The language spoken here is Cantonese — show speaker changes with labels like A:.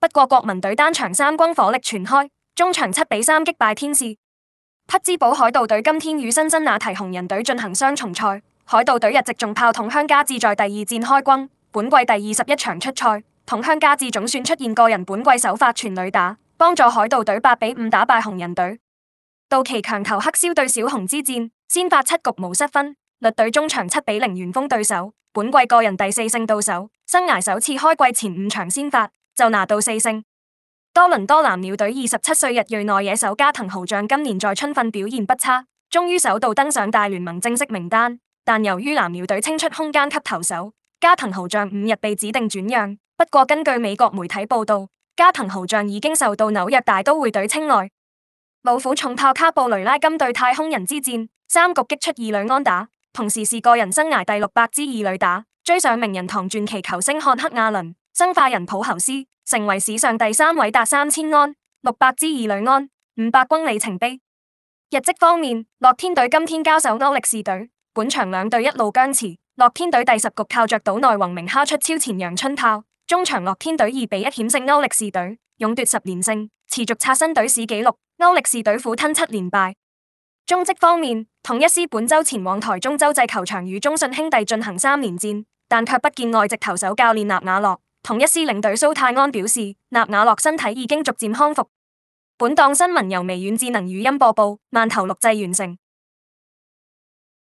A: 不過國，國民隊單場三軍火力全開，中場七比三擊敗天使。匹茲堡海盜隊今天與新生那提紅人隊進行雙重賽，海盜隊日籍重炮桶香加志在第二戰開轟，本季第二十一場出賽，桶香加志總算出現個人本季首發全壘打，幫助海盜隊八比五打敗紅人隊。道奇強投黑燒對小紅之戰，先發七局無失分，率隊中場七比零完封對手，本季個人第四勝到手，生涯首次開季前五場先發，就拿到四勝。多倫多藍鳥隊二十七歲日裔內野手加藤豪將今年在春訓表現不差，終於首度登上大聯盟正式名單。但由於藍鳥隊清出空間級投手，加藤豪將五日被指定轉讓。不過根據美國媒體報道，加藤豪將已經受到紐約大都會隊青睞。老虎重炮卡布雷拉今對太空人之戰三局擊出二壘安打，同時是個人生涯第六百支二壘打，追上名人堂傳奇球星漢克阿倫。生化人普侯斯成為史上第三位達三千安、六百支二壘安、五百轟里程碑。日職方面，樂天隊今天交手歐力士隊，本場兩隊一路僵持，樂天隊第十局靠着島，島內宏明敲出超前陽春炮，中場樂天隊二比一險勝歐力士隊，勇奪十連勝，持續刷新隊史紀錄。歐力士隊苦吞七連敗。中職方面，統一獅本周前往台中洲際球場與中信兄弟進行三連戰，但卻不見外籍投手教練納瓦洛。同一獅領隊蘇泰安表示，納瓦洛身體已經逐漸康復。本檔新聞由微軟智能語音播報，慢頭錄製完成。